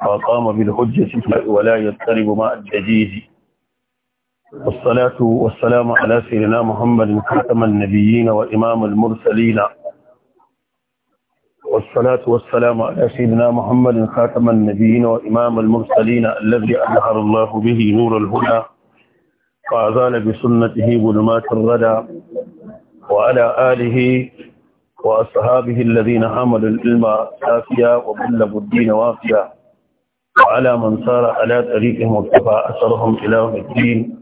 فقام بالحجة ولا يضطرب ماء الدجيج والصلاة والسلام على سيدنا محمد خاتم النبيين وإمام المرسلين والصلاة والسلام على سيدنا محمد خاتم النبيين وإمام المرسلين الذي أظهر الله به نور الهدى وأزال بسنته ظلمات الردى وعلى آله وأصحابه الذين حملوا العلم سافيا وبلغوا الدين وافيا وعلى من صار على طريقهم واتبع اثرهم الى يوم الدين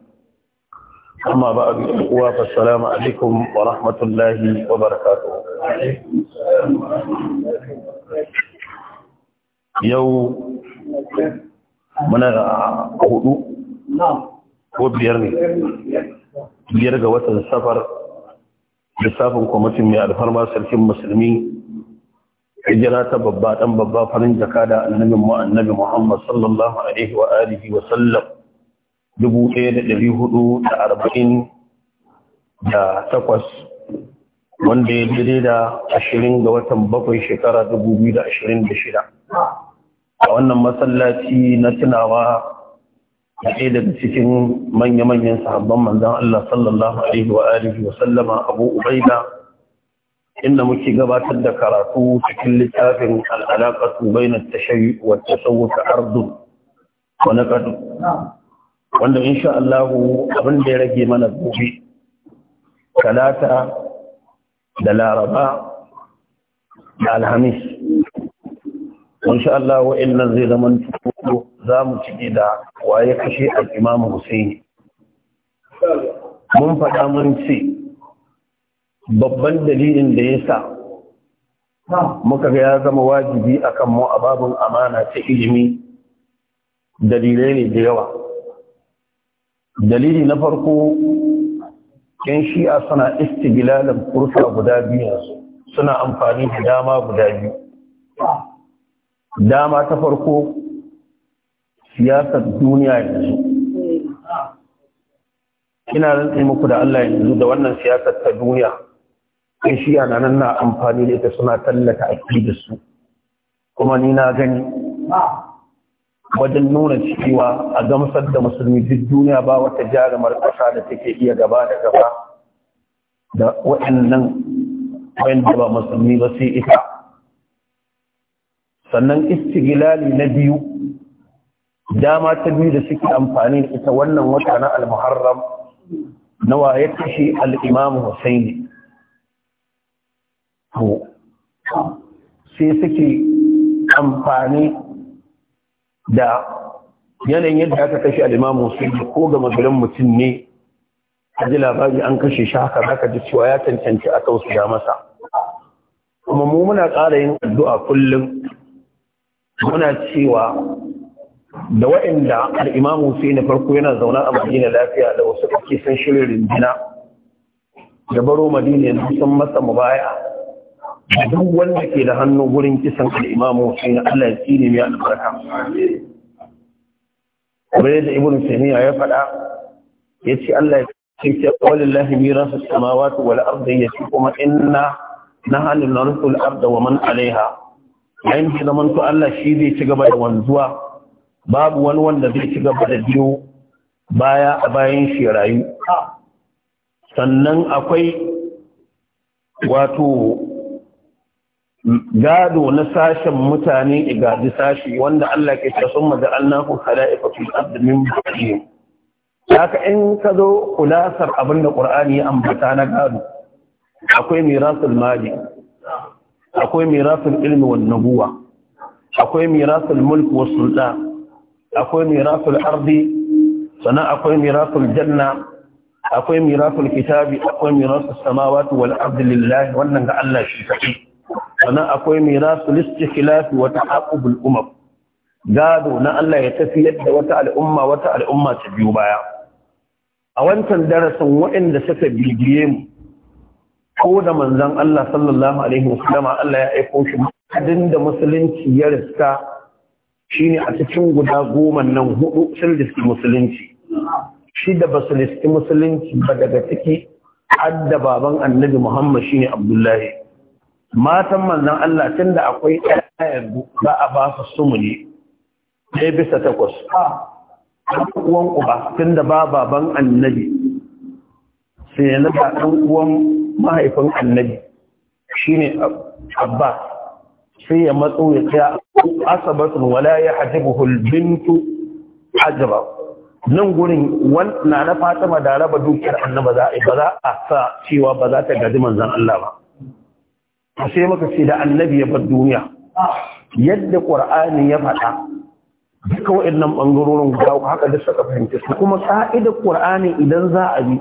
اما بعد الاخوة فالسلام عليكم ورحمه الله وبركاته يو من هدو نعم وبيرني بيرغا وتر السفر لسافن كومتي مي الفارماسيل المسلمين hijira ta babba dan babba farin jaka da annabin mu annabi Muhammad sallallahu alaihi wa alihi wa sallam 1440 da takwas wanda ya dire da ashirin ga watan bakwai shekara dubu biyu da ashirin da shida a wannan masallaci na tunawa da ɗaya daga cikin manya-manyan sahabban manzan Allah sallallahu alaihi wa alihi wa sallama abu ubaida inda muke gabatar da karatu cikin littafin al'alaƙatu bainar tashayi wata sauwata ardu wani ƙadu wanda insha Allah abin da ya rage mana gobe talata da laraba da alhamis insha Allahu innan zai zama tuto za mu cike da waye kashe al'imamu Hussein mun faɗa mun ce babban dalilin da ya sa muka ga ya zama wajibi a kan mu a babin amana ta ilimi dalilai ne da yawa dalili na farko yan shi'a suna istigilalin kursa guda biyansu suna amfani da dama guda biyu dama ta farko siyasar duniya yanzu ina rantsi muku da Allah yanzu da wannan siyasar ta duniya sai shi yana nan na amfani da ita suna tallata aiki da su kuma ni na gani wajen nuna cewa a gamsar da musulmi duk duniya ba wata jarumar ƙasa da take iya gaba da gaba da waɗannan wanda ba musulmi ba sai ita sannan istigilali na biyu dama ta biyu da suke amfani da ita wannan wata na al-muharram nawa ya kashe al-imam Husaini to sai suke amfani da yanayin yadda aka kashe alimamu sai ko ga magarin mutum ne a ji labari an kashe shi haka haka ji cewa ya cancanci a tausaya masa kuma mu muna ƙara yin addu'a kullum muna cewa da waɗanda al'imamu sai na farko yana zaune a madina lafiya da wasu kake san shirin rindina da baro madina yanzu sun masa mubaya duk wanda ke da hannu gurin kisan al'imamu sai na Allah ya tsine mai albarka. Kamar yadda Ibn Taymiyyah ya faɗa ya ce Allah ya ce rasu mirasu wata wani arda ya ce kuma inna na rufin arda wa man alaiha. Yayin da zaman to Allah shi zai ci gaba da wanzuwa babu wani wanda zai ci gaba da biyo baya a bayan shi rayu. Sannan akwai wato gado na sashen mutane igadi sashi wanda Allah ke ce sun maja annahu khala'iqa fil ardi min ba'dihim haka in ka zo kulasar abin da Qur'ani ya ambata na gado akwai mirasul mali akwai mirasul ilmi wan nubuwa akwai mirasul mulk was sultan akwai mirasul ardi sannan akwai mirasul janna akwai mirasul kitabi akwai mirasul samawati wal ardi lillahi wannan ga Allah shi kadai sannan akwai mirasul kilafi wata ta'aqubul umam gado na Allah ya tafi yadda wata al'umma wata al'umma ta biyo baya a wancan darasin waɗanda suka bibiye mu ko da manzon Allah sallallahu alaihi wasallam Allah ya aiko shi hadin da musulunci ya riska shine a cikin guda goma nan hudu sun riski musulunci shida ba su riski musulunci ba daga ciki hadda baban annabi Muhammad shine Abdullahi matan manzan Allah tun da akwai ɗaya ba za a ba su sumuni ɗaya bisa takwas ɗan uwan uba tun da ba baban annabi sai na naga ɗan uwan mahaifin annabi shine Abba sai ya matso ya tsaya asabatun wala ya hajjabu hulbintu hajjaba nan gurin na na fatima da raba dukiyar annaba ba za a sa cewa ba za ta gaji manzan Allah ba a sai maka ce da annabi ya bar duniya yadda ƙwar'ani ya faɗa duka waɗannan ɓangarorin guda haka da suka fahimci su kuma ƙa'idar ƙwar'ani idan za a bi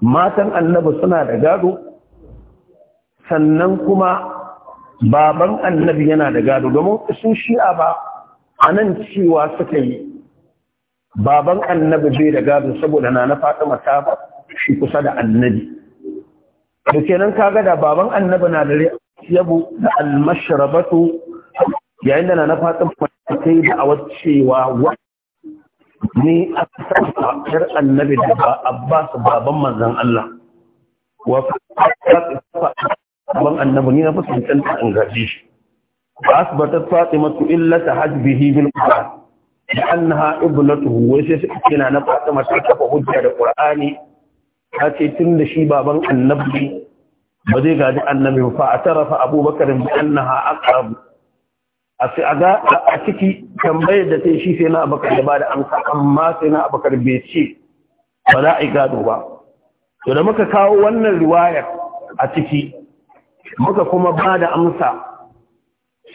matan annabi suna da gado sannan kuma baban annabi yana da gado domin su shi'a ba a nan cewa suka yi baban annabi bai da gado saboda na na fatima ta shi kusa da annabi da kenan ga da baban annabi na da yabu da almashrabatu yayin da na fatan kai da awacewa cewa wa ni a tsakar annabi da ba abbas baban manzon Allah wa baban annabi ni na fuskantar da an gaji shi ba fatima fatimatu illa tahajbihi bil qur'an da annaha ibnatu wai sai suka kina na fatima ta kafa hujja da qur'ani ta ce tun da shi baban annabi ba zai gaji annabi fa a tarafa abubakar bi annaha aqrab a sai aga a ciki tambayar da sai shi sai na abakar da ba da amsa amma sai na abakar bai ce ba za a yi gado ba to da muka kawo wannan riwayar a ciki muka kuma ba da amsa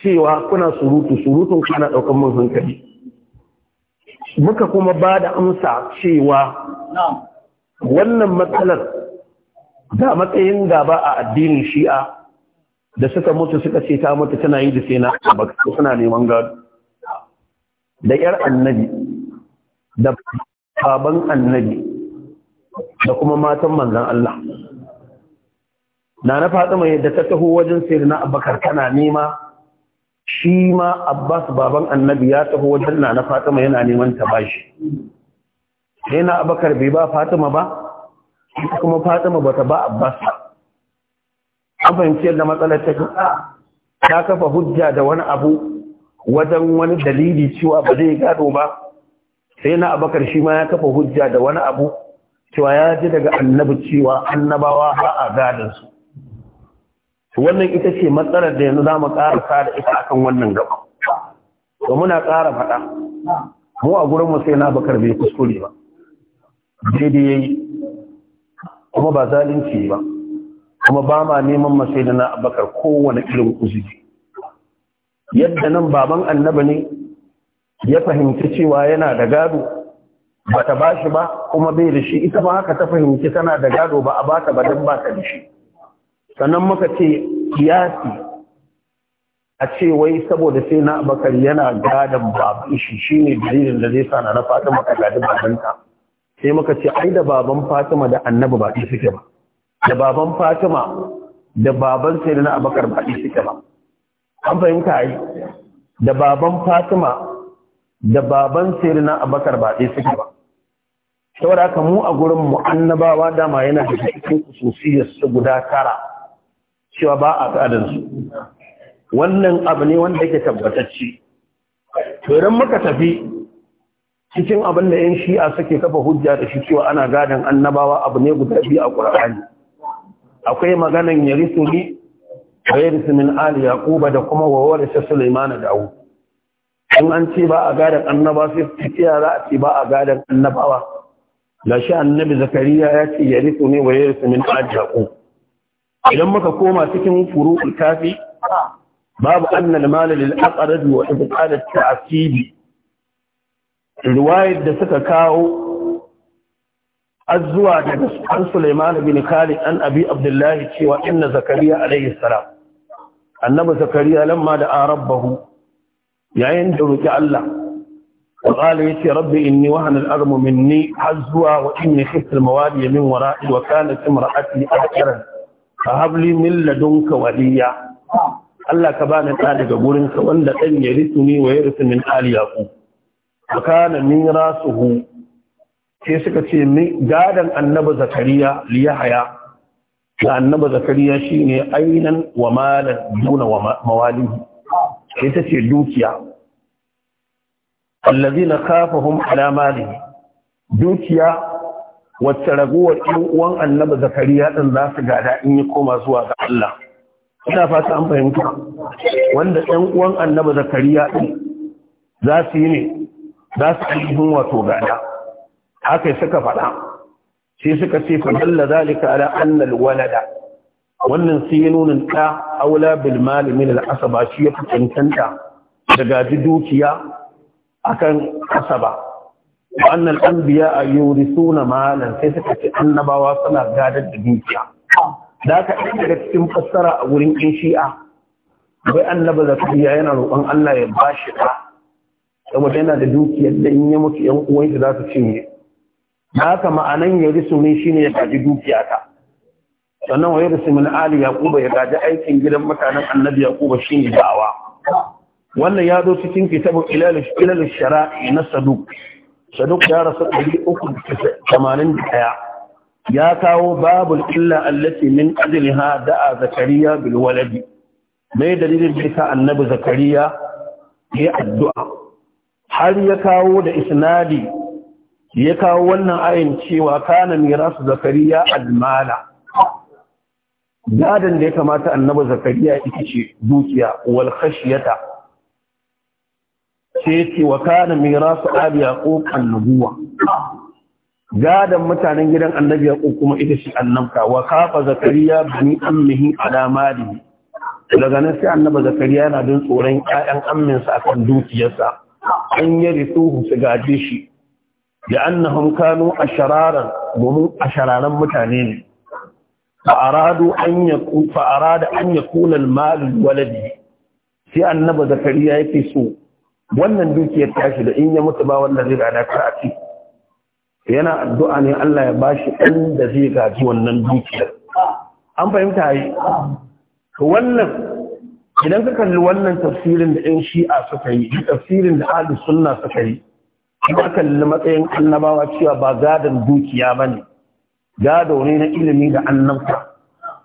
cewa kuna surutu surutun kana ɗaukar mun hankali muka kuma ba da amsa cewa wannan matsalar da matsayin gaba a addinin shi'a da suka mutu suka ce ta mutu tana yi da sai na abakar suna neman gado da yar annabi da baban annabi da kuma matan manzan Allah na na fatima yadda ta taho wajen sai na abakar tana nema shi ma abbas baban annabi ya taho wajen na na fatima yana neman ta bashi sai na abakar bai ba fatima ba kuma fatima bata ba abbas an fahimci yadda matsalar ta ta kafa hujja da wani abu wajen wani dalili cewa ba zai gado ba sai na abakar shi ma ya kafa hujja da wani abu cewa ya ji daga annabi cewa annabawa ba a gadinsu wannan ita ce matsalar da yanzu za mu ƙarasa da ita akan wannan gaba to muna ƙara faɗa mu a gurin sai na bakar bai kuskure ba daidai ya yi kuma ba zalunci ba kuma ba ma neman masai da na abakar kowane irin uzuri yadda nan baban annaba ne ya fahimci cewa yana da gado ba ta ba shi ba kuma bai da shi ita ma haka ta fahimci tana da gado ba a ba ta ba ba ta da shi sannan muka ce kiyasi a ce wai saboda sai na abakar yana gadon babu shi ne dalilin da zai sa na na fatan maka gadon babanta sai muka ce ai da baban fatima da annabi ba suke ba da baban fatima da baban sai na abakar ba suke ba an fahimta ai da baban fatima da baban sirina abakar ba ɗaya suke ba saboda haka mu a gurin mu annabawa dama yana da cikin kususiyar su guda tara cewa ba a tsadan su wannan abu ne wanda yake tabbatacce to idan muka tafi cikin abin da 'yan shi'a suke kafa hujja da shi cewa ana gadon annabawa abu ne guda biyu a ƙur'ani akwai maganan ya risu ni wa ya risu min ali ƙuba da kuma wa warisa sulaiman da awu in an ce ba a gadon annaba sai su ce yara a ce ba a gadon annabawa da shi annabi zakariya ya ce ya risu ne wa ya risu min ali idan muka koma cikin furu'ul kafi babu annal malalil aqrad wa ta'sibi riwayar da suka kawo azzuwa daga an Sulaiman bin Khalid an Abi Abdullahi cewa inna Zakariya alaihi salam annabi Zakariya lamma da rabbahu yayin da roki Allah wa qala yace rabbi inni wahana al-armu minni hazwa wa inni khiftu al-mawadi min wara'i wa kanat imra'ati akhiran fa hab li min ladunka waliya Allah ka bani da daga gurinka wanda dan ya rituni wa ya min ali fakana mirasuhu sai suka ce gadan annabi zakariya liyahaya da Annaba zakariya shine ainan wa malan duna wa mawalihi ita ce dukiya allazina na ala malihi dukiya wacce raguwar 'yan uwan annabi zakariya din za su gada in yi koma zuwa ga Allah ina fata an fahimta wanda 'yan uwan Annaba zakariya din za su yi ne za su ainihin wato gada haka suka faɗa sai suka ce fa dalla zalika ala annal walada. wannan sai ya nuna ta aula bil mali da al asaba shi ya fitantanta gaji dukiya akan asaba wa biya a anbiya suna malan sai suka ce annabawa suna gadar da dukiya da ka daga cikin fassara a wurin in shi'a bai annaba zakariya yana roƙon Allah ya bashi da saboda yana da dukiyar da in ya mutu yan uwansa za su cinye haka ma'anan ya risu ne ne ya gaji dukiya ta sannan wa yarsu min ali yaquba ya gaji aikin gidan mutanen annabi yaquba shine da'awa wannan ya zo cikin kitabun ilal ilal shara'i na saduq saduq ya rasu ɗaya. ya kawo babul illa allati min ajliha da'a zakariya bil waladi mai dalilin da annabi zakariya ya addu'a har ya kawo da isnadi ya kawo wannan ayin cewa kana mirasu zakariya almala gadan da ya kamata annabi zakariya ita ce dukiya wal khashyata sai ce wa kana mirasu abi yaqub annabuwa gadan mutanen gidan annabi yaqub kuma ita ce annabka wa kafa zakariya bani ammihi ala mali daga nan sai annabi zakariya yana don tsoron ƴaƴan amminsa akan dukiyarsa an yi rituhu su gaje shi da annahum kanu ashararan domin ashararan mutane ne fa'aradu an fa'arada an yakuna mal waladi sai annabi zakariya yake so wannan dukiyar tashi da in ya mutu ba wannan zai gada kar a ci yana addu'a ne Allah ya bashi ɗan da zai gaji wannan dukiyar an fahimta yi to wannan idan ka kalli wannan tafsirin da yan shi'a suka yi tafsirin da ahli sunna suka yi ka kalli matsayin annabawa cewa ba gadon dukiya bane gado ne na ilimi da annabta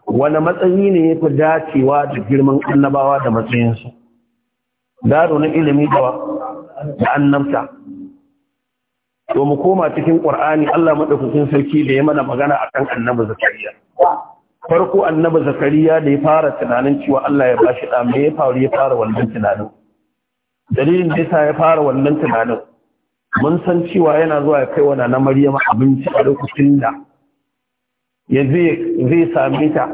wani matsayi ne ya fi dacewa da girman annabawa da matsayinsu gado na ilimi da annabta to mu koma cikin ƙur'ani, Allah maɗaukakin sarki da ya mana magana akan annabi zakariya farko annabi zakariya da ya fara tunanin cewa Allah ya bashi da me ya faru ya fara wannan tunanin dalilin da yasa ya fara wannan tunanin mun san cewa yana zuwa ya kai wa na Maryama abinci a lokacin da ya zai same ta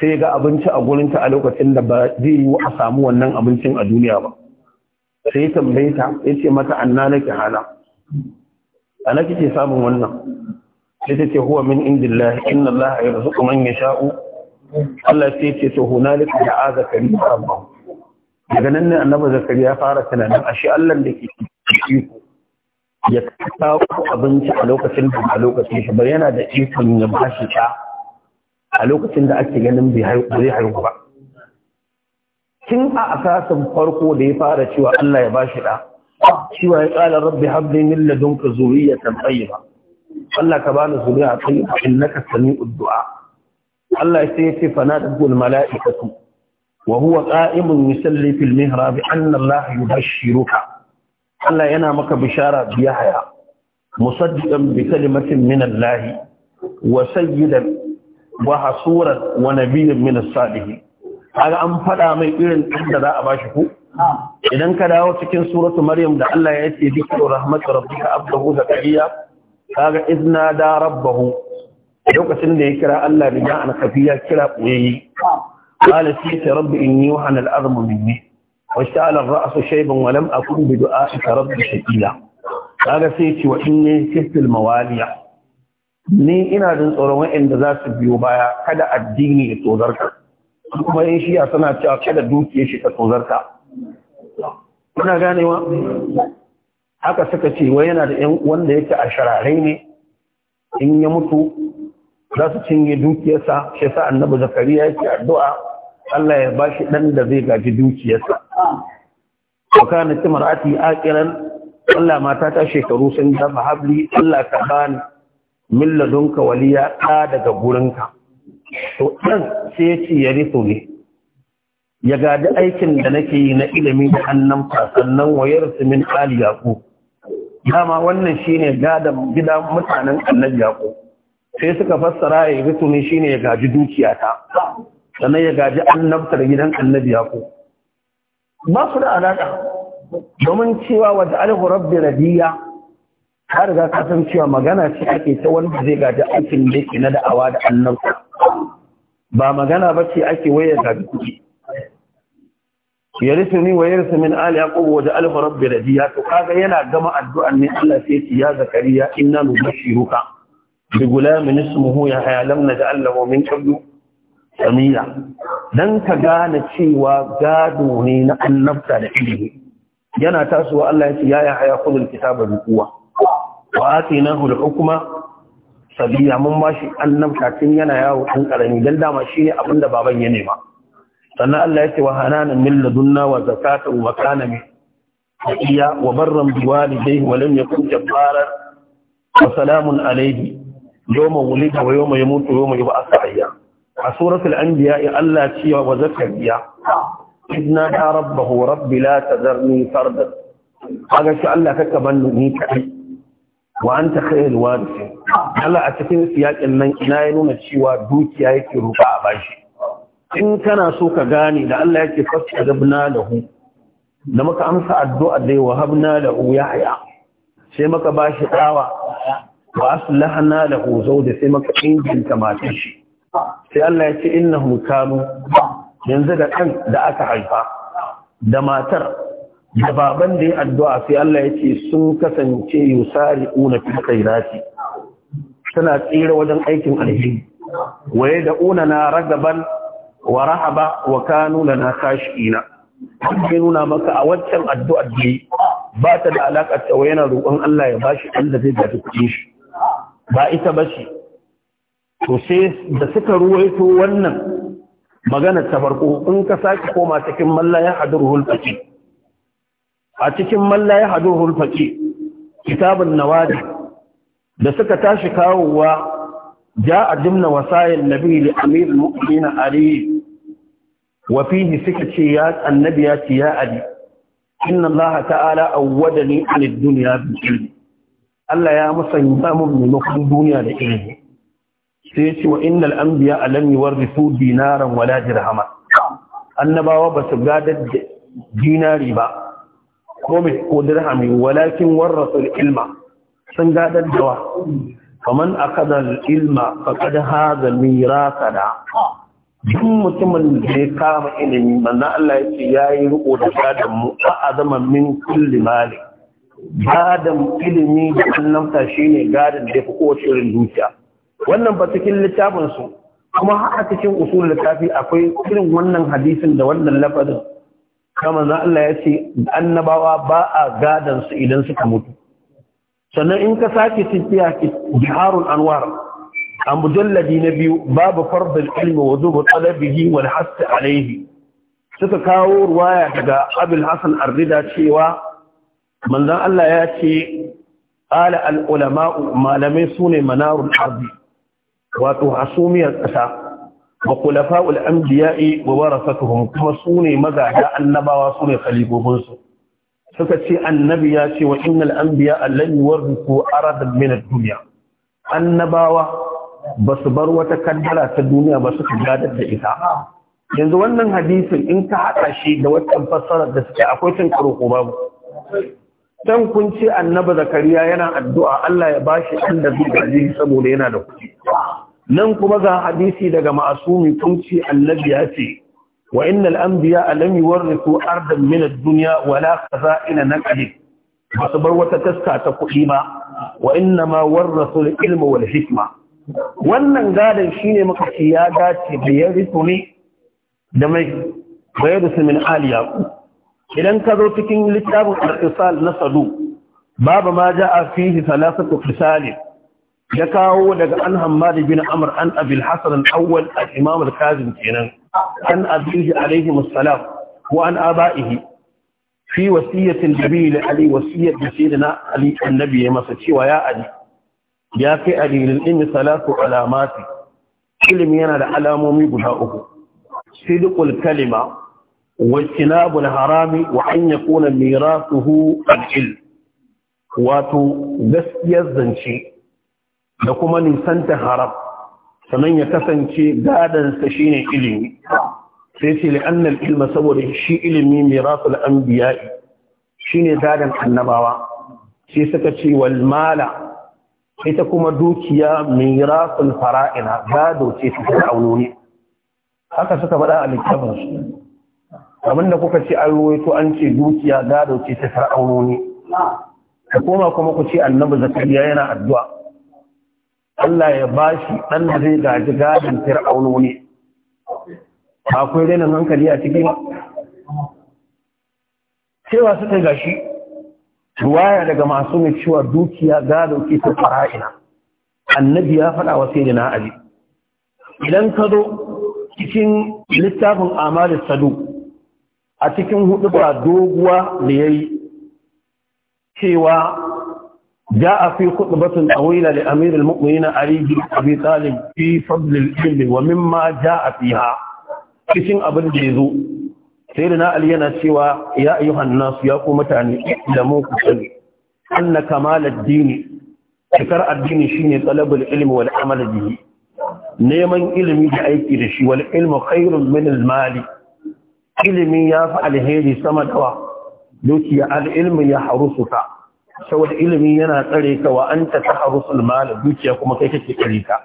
sai ga abinci a gurin ta a lokacin da ba zai yi a samu wannan abincin a duniya ba sai tambaye ta ya ce mata anna nake hala ana kike samun wannan sai ta ce huwa min indillah inna Allah ya rizuku man ya sha'u Allah sai ce to hunalika da a zakari rabbahu daga nan ne annabi zakari ya fara tunanin ashe Allah da ke iko ya kawo abinci a lokacin da a lokacin shi bar yana da ikon ya bashi ta a lokacin da ake ganin bai haihu ba kin a asasin farko da ya fara cewa Allah ya bashi da cewa ya kala rabbi habli min ladunka zuriyatan tayyiba Allah ka bani zuriya tayyiba innaka sami'ud du'a Allah sai ya ce fa na mala'ikatu wa huwa qa'imun yusalli fil mihrab anna Allah yubashshiruka Allah yana maka bishara bi Yahya musaddiqan bi kalimatin min Allah wa sayyidan wa hasuran wa nabiyyan min as-salihin kaga an fada mai irin da za a bashi ko idan ka dawo cikin suratu maryam da Allah ya ce bi rahmatu rabbika abdahu zakariya kaga izna da rabbahu lokacin da ya kira Allah riga an kafi ya kira boyayyi qala sai ta rabbi inni yuhana al-azmu minni wa sha'ala ar-ra'su shayban wa lam akun bi du'a'ika rabbi shaqila kaga sai ce wa inni kifil mawaliya ni ina jin tsoron wa'anda za su biyo baya kada addini ya tozarka kuma yin shiya suna cewa kada dukiyar shi ta tozarka kuna ganewa haka suka ce wai yana da yan wanda yake a shararai ne in ya mutu za su cinye dukiyarsa shi sa annabi zakariya yake addu'a Allah ya bashi ɗan da zai gaji dukiyarsa to kana marati akiran Allah mata ta shekaru sun da habli Allah ka bani milladunka waliya ta daga gurinka to dan sai ya ce ya rito ne ya gadi aikin da nake yi na ilimi da annan fasannan wayar su min ali yaqub dama wannan shine gadan gida mutanen annabi yaqub sai suka fassara ya yi tuni shine ya gaji dukiya ta sannan ya gaji annabtar gidan annabi yaqub ba su da alaka domin cewa wata alhu rabbi radiya ka riga ka cewa magana ce ake ta wanda zai gaji aikin da yake na da'awa da annabta ba magana ba ce ake waya gaji kuɗi yarisuni wa yarisu min ali yaqub wa ja'al rabbi radiya to kaga yana gama addu'an ne Allah sai ya zakariya inna nubashiruka bi gulamin ismuhu ya hayalam naj'al lahu min qablu samira dan ka gane cewa gado ne na annabta da ilimi yana tasowa Allah ya ce ya ya haya kullu kitaba bi quwwa wa atinahu al-hukma sabiya mun bashi annabta tun yana yawo dan karami dan dama shine abinda baban ya nema sannan Allah ya ce wa hananan min ladunna wa zakatan wa kana min iya wa barran bi walidayhi wa lam yakun jabbara wa salamun alayhi yawma wulida wa yawma yamutu wa yawma yub'athu hayya a suratul anbiya Allah ce wa zakariya idna ta rabbahu rabbi la tazarni fardan kaga shi Allah kaka banni ni kai wa anta khayrul warith Allah a cikin siyakin nan ina ya nuna cewa dukiya yake ruba a bashi in kana so ka gane da Allah yake fasta da buna da muka amsa addu'a da ya wa habna ya yahya sai ba bashi dawa wa aslahna hu zauda sai injin inganta matar shi sai Allah ya ce innahum kanu yanzu da kan da aka haifa da matar da baban da ya addu'a sai Allah ya ce sun kasance yusari una fi khairati Tana tsira wajen aikin alheri waye da una na ragaban wa rahaba wa kanu lana khashina ke nuna maka a waccan addu'ar da ba ta da alaƙa cewa yana roƙon Allah ya bashi ɗan da zai gaji kuɗin shi ba ita ba ce to sai da suka ruwaito wannan magana ta farko in ka sake koma cikin malla ya hadurhul a cikin malla ya hadurhul faqi kitabun nawadi da suka tashi kawowa جاء ضمن وصايا النبي لأمير المؤمنين علي وفيه سكتيات النبيات يا علي إن الله تعالى أودني عن الدنيا بالعلم الله يا مسلم من مخلوق الدنيا لإلهي سيتي وإن الأنبياء لم يورثوا دينارا ولا درهما annabawa ba su gadar da dinari ba ko dirhami walakin warrasul ilma sun gadar da wa faman akada ilma faqad hadha da. duk mutumin da ya kama ilimi manna Allah ya ce yayi riƙo da gadan mu a azama min kulli mali ilimi da annabta shine gadan da fi kowace irin dukiya wannan ba cikin littafin su kuma har a cikin usul littafi akwai irin wannan hadisin da wannan lafazin kama Allah ya ce annabawa ba a gadan su idan suka mutu sannan in ka sake tafiya biharul anwar a mujalladi na biyu babu fardal ilmi wa zubu talabihi wal hasi alaihi suka kawo ruwaya daga abul hasan arrida cewa manzon Allah ya ce ala al ulama malamai sune manarul ardi wato hasumiyar kasa wa khulafa'ul anbiya'i wa warasatuhum kuma sune magada annabawa sune khalifofin suka ce annabi ya ce wa innal anbiya allan yuwarriku aradan min ad-dunya annabawa ba su bar wata kaddara ta duniya ba su gadar da ita yanzu wannan hadisin in ka haɗa shi da wata fassara da suke akwai cin karo ko babu dan kun ce annabi zakariya yana addu'a Allah ya bashi ɗan da zai gaji saboda yana da kuɗi nan kuma ga hadisi daga ma'asumi kun ce annabi ya ce wa innal anbiya lam yuwarrisu ardan min ad-dunya wala khaza'ina naqdi ba su bar wata taska ta kuɗi ba wa inna ma warrasu al-ilma hikma wannan gadon shine muka ce ya dace da ya risu da mai bayar su min aliyaku idan ka zo cikin littafin al-isal na sadu babu ma ja'a fihi thalathatu qisalin ya kawo daga an hammad bin amr an abil hasan al-awwal al-imam kazim kenan an abihi alaihi musallam ko an aba'ihi fi wasiyyatin nabi li ali wasiyyat da sayyidina ali annabi ya masa cewa ya ali ya kai ali lil ilmi salatu alamati ilimi yana da alamomi guda uku sidqul kalima wa tinabul harami wa an yakuna mirathuhu al-ilm wato gaskiyar zance da kuma nisan haram sannan ya kasance gadansa shine ilimi sai ce li'annal ilma saboda shi ilimi biya shi ne gadan annabawa sai suka ce wal mala ita kuma dukiya mirasul fara'ina gado ce ta aunoni haka suka faɗa a littafin su da kuka ce an ruwaito an ce dukiya gado ce ta fir'aunoni ka koma kuma ku ce annabi zakariya yana addu'a Allah ya ba shi ɗan da zai gaji gadin wani ne akwai rena hankali a cikin cewa suka gashi ruwaya daga masu mai cewa dukiya ga ke ta fara'ina annabi ya faɗa wa sai da na idan ka zo cikin littafin amal sadu a cikin hudu ba doguwa da yi. cewa جاء في خطبة طويلة لأمير المؤمنين علي بن أبي طالب في فضل العلم ومما جاء فيها كسن أبن جيزو سيدنا علي نسوى يا أيها الناس يا قومتاني اعلموا كسن أن كمال الدين شكر الدين شيني طلب العلم والعمل به neman ilimi da aiki da shi wal ilmu khairun min al mali ilimi ya fi alheri sama da dukiya al ilmu ya harusuka saboda ilimi yana tsare ka wa anta taharusul mal dukiya kuma kai kake tsare ka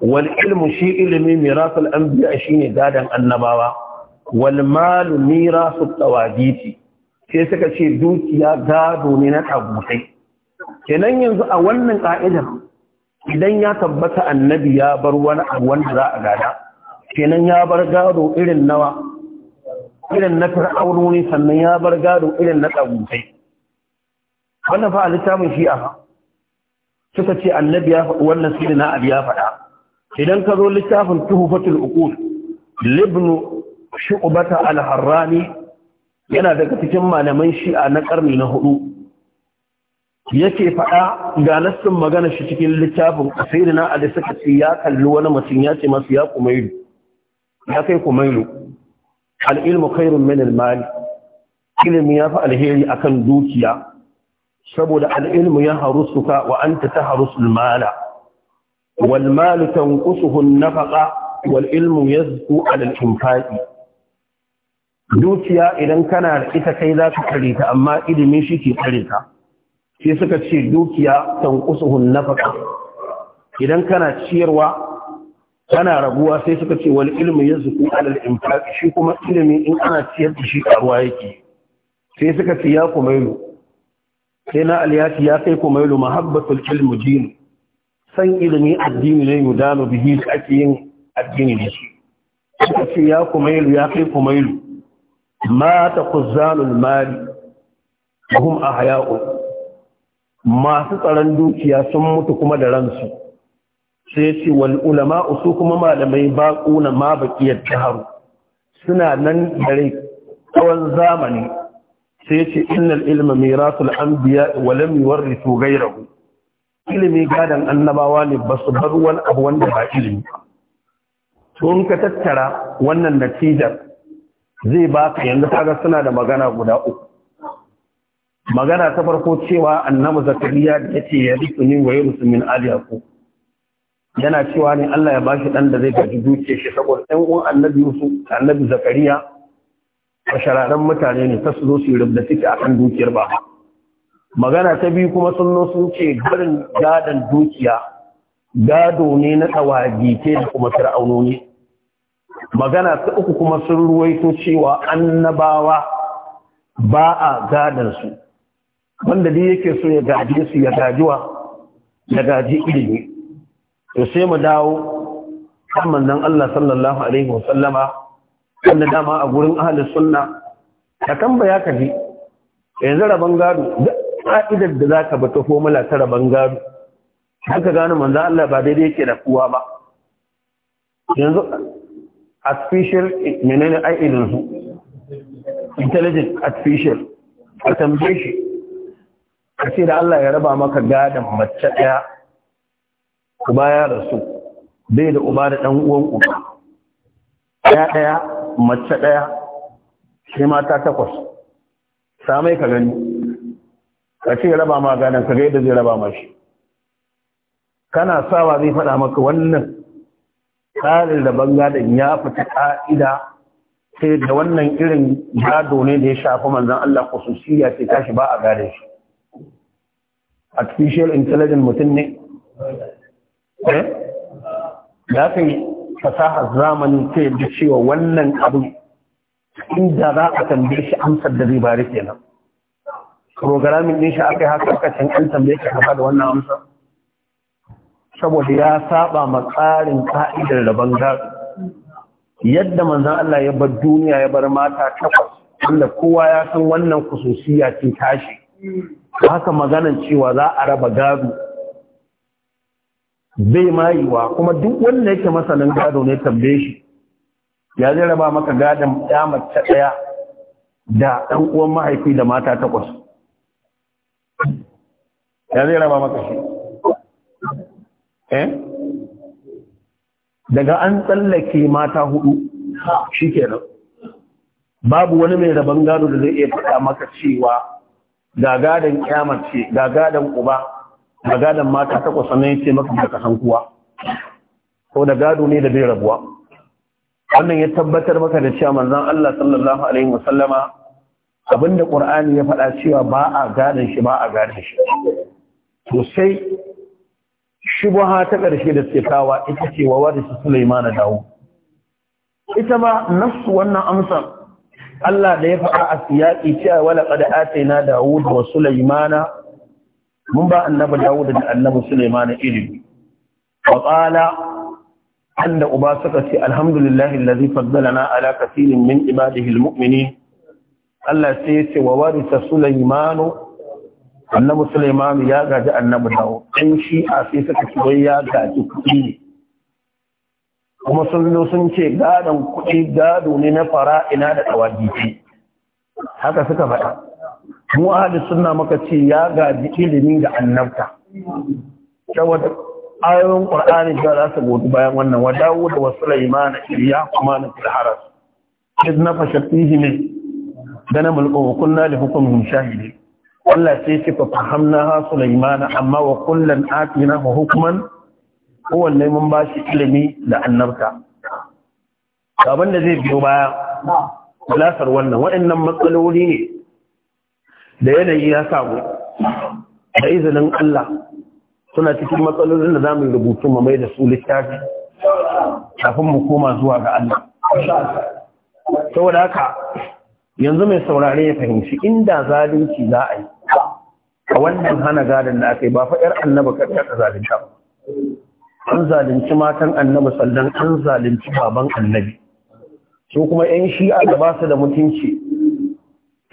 wal ilmu shi ilimi mirasul anbiya shine gadan annabawa wal mal mirasul tawaditi sai suka ce dukiya gado ne na tabutai kenan yanzu a wannan ka'idar idan ya tabbata annabi ya bar wani abu wanda za a gada kenan ya bar gado irin nawa irin na ne sannan ya bar gado irin na tabutai wannan fa a littafin shi'a suka ce annabi ya faɗi wannan sai na abi ya faɗa idan ka zo littafin tuhfatul uqul libnu shu'bata al-harrani yana daga cikin malaman shi'a na karni na hudu yake faɗa ga nassin magana shi cikin littafin asiri na ali suka ce ya kalli wani mutum ya ce masu ya kumailu ya kai kumailu al'ilmu khairun min al-mali ilimi ya alheri akan dukiya saboda al'ilmu ya harusuka wa an ta ta harusul mala wal kusuhun tanqusuhu nafaqa wal ilmu yazku ala al dukiya idan kana da ita kai za ka kare ta amma ilimi shi ke kare ta sai suka ce dukiya tanqusuhu nafaqa idan kana ciyarwa tana rabuwa, sai suka ce wal ilmi yazku alal infaq shi kuma ilimi in ana ciyar da shi a karuwa yake sai suka ce ya kuma yi. sai na aliyati ya kai kuma yalo mahabbatul ilmu din san ilimi addini ne yudanu bihi da ake yin addini da shi suka ya kuma yalo ya kai kuma yalo ma ta kuzanul mali hum ahya'u masu tsaron dukiya sun mutu kuma da ransu sai ce wal ulama su kuma malamai baquna ma baqiyat dahar suna nan dare tsawon zamani sai yace innal ilma mirasul anbiya wa lam yuwarrithu ghayrahu ilimi gadan annabawa ne ba su bar wani abu wanda ba ilimi to in ka tattara wannan natijar zai baka yanzu kaga suna da magana guda uku magana ta farko cewa annabi zakariya da yace ya rufe ni wa yurusu min ali yana cewa ne Allah ya bashi dan da zai gaji dukiyar shi saboda ɗan uwan annabi yusuf annabi zakariya basharaɗan mutane ne ta su zo su yi rubda suke kan dukiyar ba magana ta biyu kuma sun zo sun ce garin gadon dukiya gado ne na tsawagite da kuma fir'aunoni magana ta uku kuma sun ruwaito cewa annabawa ba a gadon su wanda dai yake so ya gaje su ya gajiwa ya gaji ilimi to sai mu dawo kan manzon Allah sallallahu alaihi wasallama na dama a gurin ahalin sunna ka tambaya ka ji yanzu rabon gado ka'idar da za ka bata formula ta rabon gado ka gano manzan Allah ba daidai yake da kowa ba yanzu artificial menene ainihin su intelligent artificial Ka tambaye shi Ka ce da Allah ya raba maka gadon mace ɗaya uba ya rasu bai da uba da ɗan uwan uba ɗaya ɗaya mace ɗaya sai mata takwas samai ka gani ka ce raba ma ganin ka ga yadda zai raba ma shi kana sawa zai faɗa maka wannan tsarin da bangadin ya fita ƙa'ida sai da wannan irin gado ne da ya shafi manzan Allah kususiya ce tashi ba a gane shi artificial intelligence mutum ne eh da fasahar zamanin ta yadda cewa wannan abu inda za a tambaye shi amsar da zai bari kenan programming din shi aka yi haka aka can an tambaye shi gaba da wannan amsa. saboda ya saba ma tsarin ka'idar rabon gado yadda manzan Allah ya bar duniya ya bar mata takwas wanda kowa ya san wannan kususiya ce tashi haka maganan cewa za a raba gado bai wa kuma duk wanda yake masanin gado ne tambaye shi ya zai raba maka gadon ya mace ɗaya da ɗan uwan mahaifi da mata takwas ya zai raba maka shi eh daga an tsallake mata hudu shi kenan babu wani mai rabon gado da zai iya faɗa maka cewa ga gadon kyamace ga gadon uba ba gadon mata takwas sannan ya ce maka maka kasan kuwa ko da gado ne da bai rabuwa wannan ya tabbatar maka da cewa manzon Allah sallallahu alaihi wasallama abinda Qur'ani ya faɗa cewa ba a gadon shi ba a gadon shi to sai shubha ta ƙarshe da suke kawa ita ce wa wadi Sulaiman dawo ita ma nafsu wannan amsa Allah da ya faɗa a siyaki cewa wala qad ataina Dawud wa Sulaimana mun ba annabi Dawud da annabi Sulaiman ilimi wa qala anda uba suka ce alhamdulillahi allazi faddalana ala kaseerin min ibadihi almu'minin Allah sai ya ce wa warisa Sulaiman annabi Sulaiman ya gaji annabi Dawud dan shi a sai saka ce wai ya gaji kuɗi kuma sun zo sun ce gadon kuɗi gado ne na fara'ina da tsawaji haka suka faɗa mu hadis sunna maka ce ya gaji ilimi da annabta saboda ayoyin qur'ani da za su gudu bayan wannan wa dawud wa sulaiman iliya kuma na filharas iz nafasha fihi ne dana mulku wa kunna li hukmihim shahidi Allah sai ce fa fahamna ha sulaiman amma wa kullan atina hukman kowanne mun ba shi ilimi da annabta abin da zai biyo baya kulasar wannan waɗannan matsaloli ne da yanayi ya samu da izinin Allah suna cikin matsalolin da za mu rubutu ma mai da su littafi kafin mu koma zuwa ga Allah saboda haka yanzu mai saurare ya fahimci inda zalunci za a yi a wannan hana gadon da aka yi ba faɗar annaba kaɗai ta zalunta ba an zalunci matan annaba sannan an zalunci baban annabi su kuma 'yan shi'a da ba su da mutunci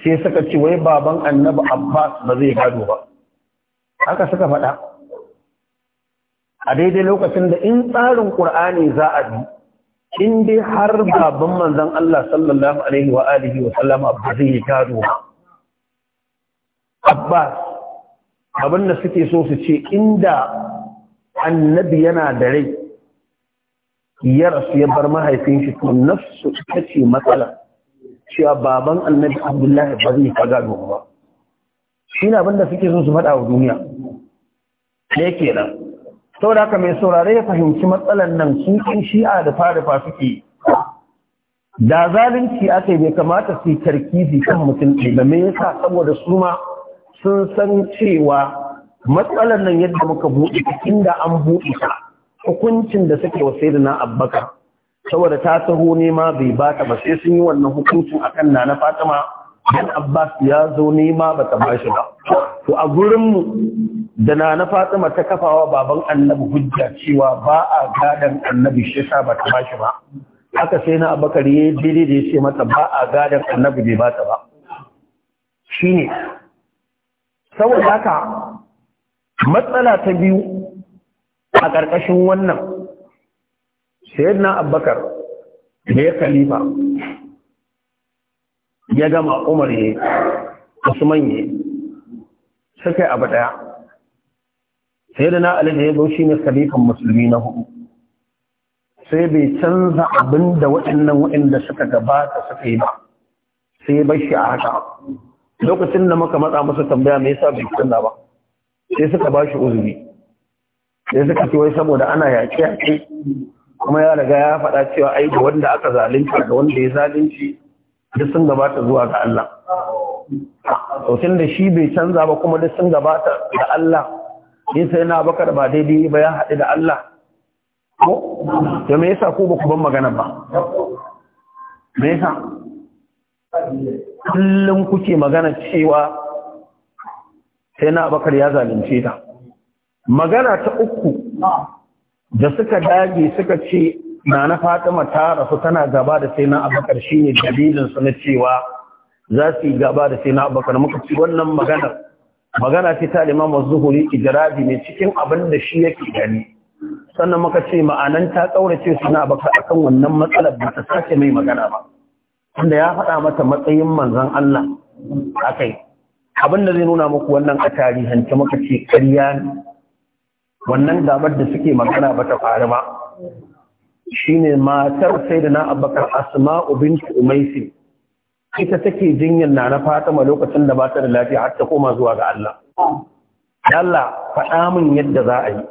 sai suka ce wai baban annabi abbas ba zai gado ba haka suka faɗa a daidai lokacin da in tsarin ƙur'ani za a bi in dai har baban manzon Allah sallallahu alaihi wa alihi wa sallama ba zai gado ba abbas abin da suke so su ce inda annabi yana da rai ya rasu ya bar mahaifin shi to nafsu ita ce matsala cewa baban annabi abdullahi ba zai faga gado ba shi na abinda suke sun su faɗa wa duniya da yake nan saboda haka mai saurare ya fahimci matsalar nan sun kin shi'a da fara fara suke da zalunci aka yi bai kamata su yi tarkizi kan mutum ɗaya da me yasa saboda su ma sun san cewa matsalar nan yadda muka buɗe inda an buɗe ta hukuncin da suke wa na abbaka saboda ta taho nema bai ba ta ba sai sun yi wannan hukuncin akan na na fatima dan abbas ya zo nema ba ta bashi ba to a gurin mu da nana fatima ta kafawa baban annabi hujja cewa ba a gadan annabi shi sa ba ta bashi ba haka sai na abakar yayi daidai da yace mata ba a gadan annabi bai ba ta ba shine saboda haka matsala ta biyu a ƙarƙashin wannan sayyidina abubakar da ya khalifa ya gama umar ne usman manye suka abu daya sayyidina ali da ya zo ne khalifan musulmi na hudu sai bai canza abin da waɗannan waɗanda suka gabata suka yi ba sai bar shi a haka lokacin da muka matsa masa tambaya mai yasa bai canza ba sai suka ba shi uzuri sai suka ce wai saboda ana yaƙe yaƙe kuma ya riga ya faɗa cewa ai da wanda aka zalunci da wanda ya zalunci duk sun gabata zuwa ga Allah sautin da shi bai canza ba kuma duk sun gabata da Allah in sai na bakar ba daidai ba ya haɗu da Allah ko to me yasa ku ba ku ban magana ba me yasa kullum kuke magana cewa sai na bakar ya zalunce ta magana ta uku da suka dage suka ce na na fatima ta rasu tana gaba da sai na abakar shi ne dalilinsu na cewa za su yi gaba da sai na abakar muka ci wannan magana magana ce ta limamu zuhuri ijirabi ne cikin abin da shi yake gani sannan muka ce ma'anan ta ƙaurace su na abakar akan wannan matsalar ba ta sake mai magana ba wanda ya faɗa mata matsayin manzon Allah akai abin da zai nuna muku wannan a tarihance muka ce ƙarya ne wannan gabar da suke magana ba ta faru ba shine matar sai da na asma'u binti umaisi ita take jinyar na na fatima lokacin da ba ta da lafiya har ta koma zuwa ga Allah Allah faɗa min yadda za a yi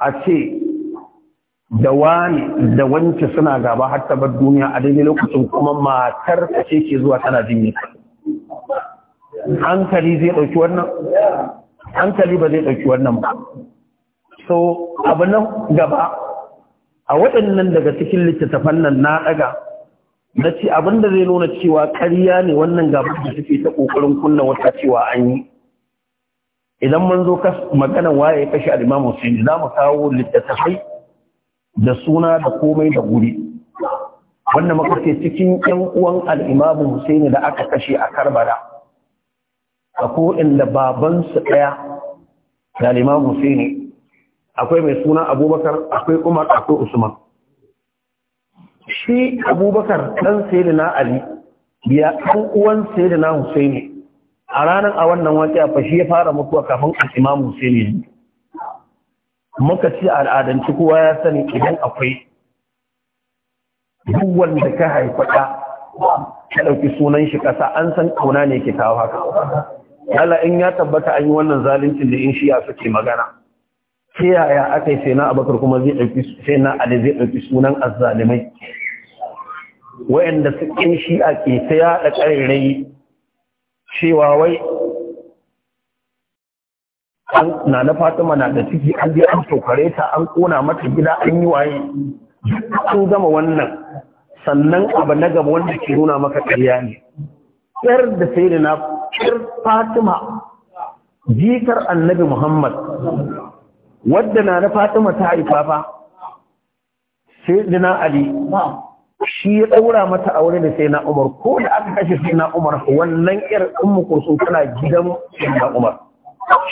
a ce da wani da wance suna gaba har ta bar duniya a daidai lokacin kuma matar ta ce ke zuwa tana jinyar hankali zai ɗauki wannan hankali ba zai ɗauki wannan ba so abu na gaba a waɗannan daga cikin littattafan nan na ɗaga na ce abin da zai nuna cewa ƙarya ne wannan gaba da suke ta ƙoƙarin kunna wata cewa an yi idan mun zo magana waye ya kashe al'imam Hussein za mu kawo littattafai da suna da komai da guri wannan muka cikin ƴan uwan Alimamu Hussein da aka kashe a Karbala akwai inda babansu ɗaya da limamu sai akwai mai suna abubakar akwai umar akwai usman shi abubakar ɗan sayyidina ali biya ɗan uwan sayyidina husaini a ranar a wannan waƙiya fa shi ya fara mutuwa kafin Imam husaini muka ci al'adanci kowa ya sani idan akwai duk wanda ka haifa ka ɗauki sunan shi ƙasa an san ƙauna ne ke kawo haka yala in ya tabbata an yi wannan zalincin da in shiya suke magana ke yaya aka yi sai na abakar kuma zai ɗauki sai na ali zai ɗauki sunan azzalimai wa'anda su in shi'a ke ta yaɗa ƙarirai cewa wai na na fatima na da ciki an je an tokare ta an ƙona mata gida an yi waye sun gama wannan sannan abu na gaba wanda ke nuna maka ƙarya ne ƙyar da sai da ƙyar fatima jikar annabi muhammad wadda na na fatima ta haifa fa sai ali shi ya ɗaura mata aure da sai na umar ko da aka kashe sai umar wannan yar ummu kursu tana gidan sai umar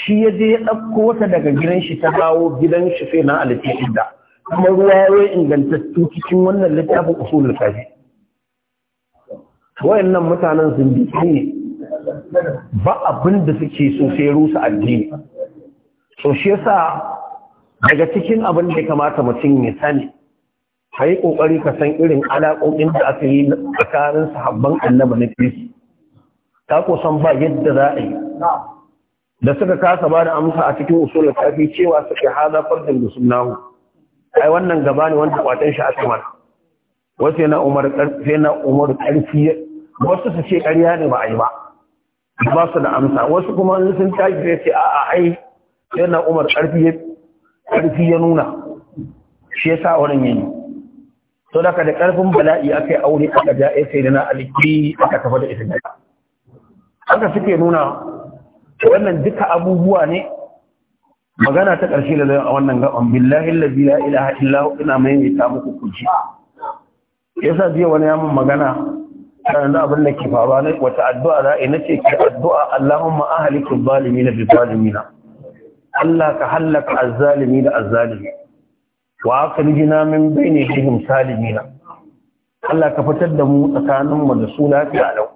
shi ya je ya ɗauko wata daga gidan shi ta kawo gidan shi sai ali ta idda kuma ruwa ya ingantattu cikin wannan littafin usulul kafi wayannan mutanen sun bi ne ba abin da suke so sai rusa addini so shi yasa daga cikin abin da ya kamata mutum ya sani ka yi ƙoƙari ka san irin alaƙoƙin da aka yi tsakanin sahabban annaba na kristi ta ko san ba yadda za a yi da suka kasa ba da amsa a cikin usulul kafi cewa ke hada fardin da sunnahu ai wannan gaba ne wanda kwatan shi a kamar. wasu yana umar karfi yana umar karfi wasu su ce ƙarya ne ba a yi ba ba su da amsa wasu kuma sun tashi da ce a ai yana umar ƙarfi ya nuna shi ya sa wurin yi to da da ƙarfin bala'i aka yi aure aka ja ya sai da na aliki aka tafi da ita da aka suke nuna wannan duka abubuwa ne magana ta ƙarshe da a wannan gaban billahi lalzi la ilaha illa ina mai mai ta muku kuji sa jiya wani ya magana na abin da ke faruwa na wata addu'a za a yi na ce ki addu'a Allahumma ahaliku zalimi na bizalimi na Allah ka hallaka azzalimi da azzalimi wa aka rijina min bai ne jihim salimi na Allah ka fitar da mu tsakanin mu da su lafiya lau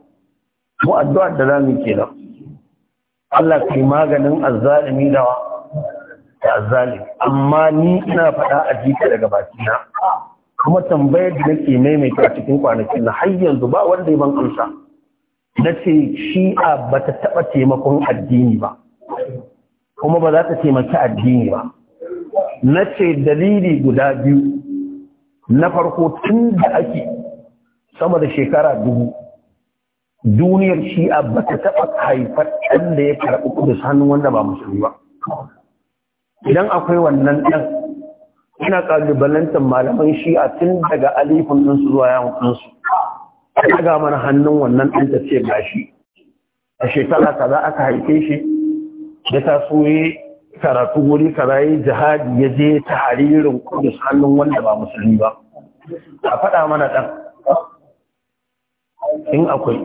mu addu'a da za mu kenan Allah ka yi maganin azzalimi da azzalimi amma ni ina faɗa a jika daga bakina kuma tambayar da nake maimaita cikin kwanakin na har yanzu ba wanda ya ban amsa na ce shi'a ba ta taɓa taimakon addini ba kuma ba za ta taimaki addini ba na ce dalili guda biyu na farko tun da ake sama da shekara dubu duniyar shi'a bata ta taɓa haifar ɗan da ya karɓi kudus hannun wanda ba musulmi ba idan akwai wannan ɗan ina kalubalantar malaman shi'a tun daga alifin ɗinsu zuwa yawon ɗansu a daga mana hannun wannan ɗanta ce ga shi a shekara za aka haife shi ya ta ya karatu wuri kaza jihadi ya je ta haririn kudus hannun wanda ba musulmi ba a faɗa mana ɗan in akwai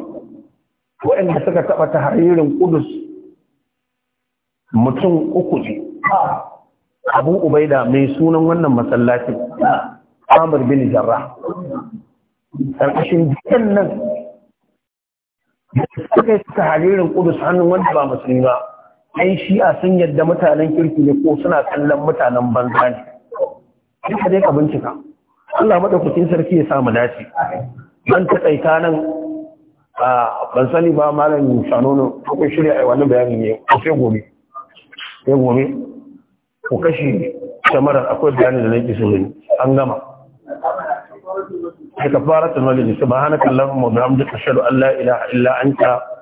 waɗanda suka taɓa ta haririn kudus mutum uku ne abu ubaida mai sunan wannan masallaci amur bin jarrah Karkashin jikin nan suka yi suka halirin kudus hannun wanda ba musulmi ba ai a sun yadda mutanen kirki ne ko suna kallon mutanen banza ne duka dai ka bincika Allah madaukakin sarki ya samu dace ta taƙaita nan ban sani ba malam shanonu ko shirya ai wani bayani ne ko sai sai gobe ko kashi samarar akwai bayanin da nake so yi an gama daga fara ba subhanakallahumma wa bihamdika ashhadu an la ilaha illa anta